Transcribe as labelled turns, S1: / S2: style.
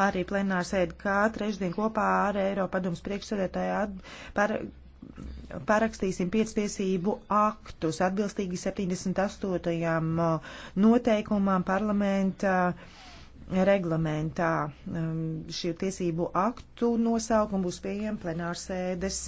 S1: arī plenāra sēdi kā trešdien kopā ar Eiropadoms priekšsēdētāju par parakstīsim piectiesību aktus atbilstīgi 78. noteikumam parlamenta reglamentā. Um, šī tiesību aktu nosaukuma būs pieejama plenārsēdes.